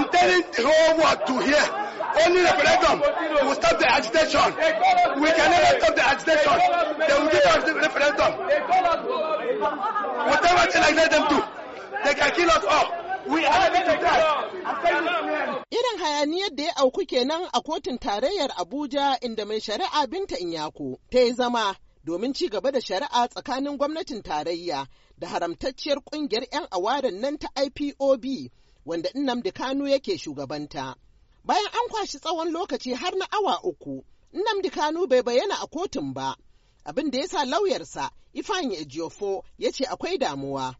I'm telling the whole world to hear. Only referendum will stop the agitation. We can never stop the agitation. They will give us the referendum. Whatever they like let them do. They can kill us all. We are ready to die. Irin hayaniyar da ya auku kenan a kotun tarayyar Abuja inda mai shari'a Binta Inyako ta yi zama domin ci gaba da shari'a tsakanin gwamnatin tarayya da haramtacciyar kungiyar 'yan awarin nan ta IPOB wanda Nnamdi Kanu yake shugabanta. Bayan an kwashi tsawon lokaci har na awa uku, Nnamdi Kanu bai bayyana a kotun ba. Abin da ya sa lauyarsa Ifeanyi Ejiofo ya ce akwai damuwa.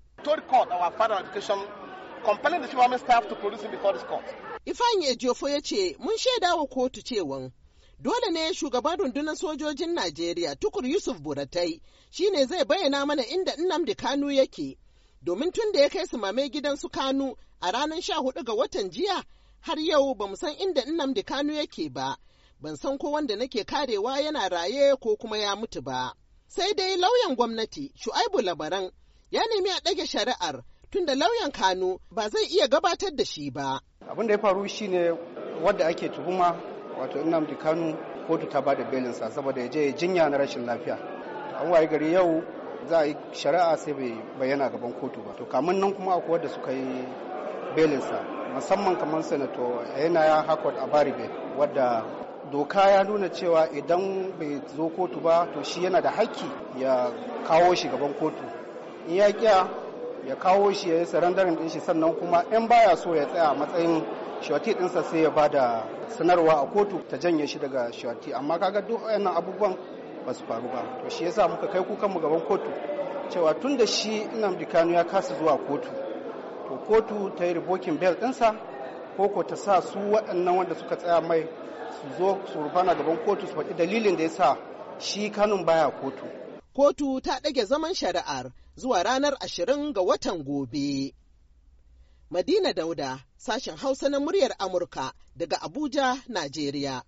Ifeanyi Ejiofo ya ce mun shaida wa kotu cewan dole ne shugaban rundunar sojojin Najeriya Tukur Yusuf Buratai shi ne zai bayyana mana inda Nnamdi Kanu yake. Domin tun da ya kai su mame gidan su Kanu a ranar sha hudu ga watan jiya har yau ba mu san inda Nnamdi Kanu yake ba, ban san ko wanda nake karewa yana raye ko kuma ya mutu ba. Sai dai lauyan gwamnati Shu'aibu Labaran ya nemi a ɗage shari'ar tunda lauyan Kanu ba zai iya gabatar da shi ba. Abin da ya faru shi ne wadda ake tuhuma wato Nnamdi Kanu kotu ta bada belinsa saboda ya je jinya na rashin lafiya. An waye gari yau za a yi shari'a sai bai bayyana gaban kotu ba. To kamun nan kuma akwai wadda suka yi belinsa musamman kamar sanato yana ya hakot a baribe wadda doka ya nuna cewa idan bai zo kotu ba to shi yana da haƙƙi ya kawo shi gaban kotu in ya kya ya kawo shi ya yi sarandarin ɗin shi sannan kuma in baya so ya tsaya a matsayin shawati ɗinsa sai ya ba da sanarwa a kotu ta janye shi daga shawati amma kaga duk wani abubuwan ba su faru ba to shi yasa muka kai kukanmu gaban kotu cewa tun da shi inam dikano ya kasa zuwa kotu Ko kotu ta yi ribokin bel ɗinsa ko ko ta sa su waɗannan wanda suka tsaya mai su zo su rufana gaban kotu su faɗi dalilin da ya sa shi kanun baya kotu. Kotu ta ɗage zaman shari'ar zuwa ranar ashirin ga watan gobe. Madina Dauda, sashen Hausa na muryar Amurka daga Abuja, Najeriya.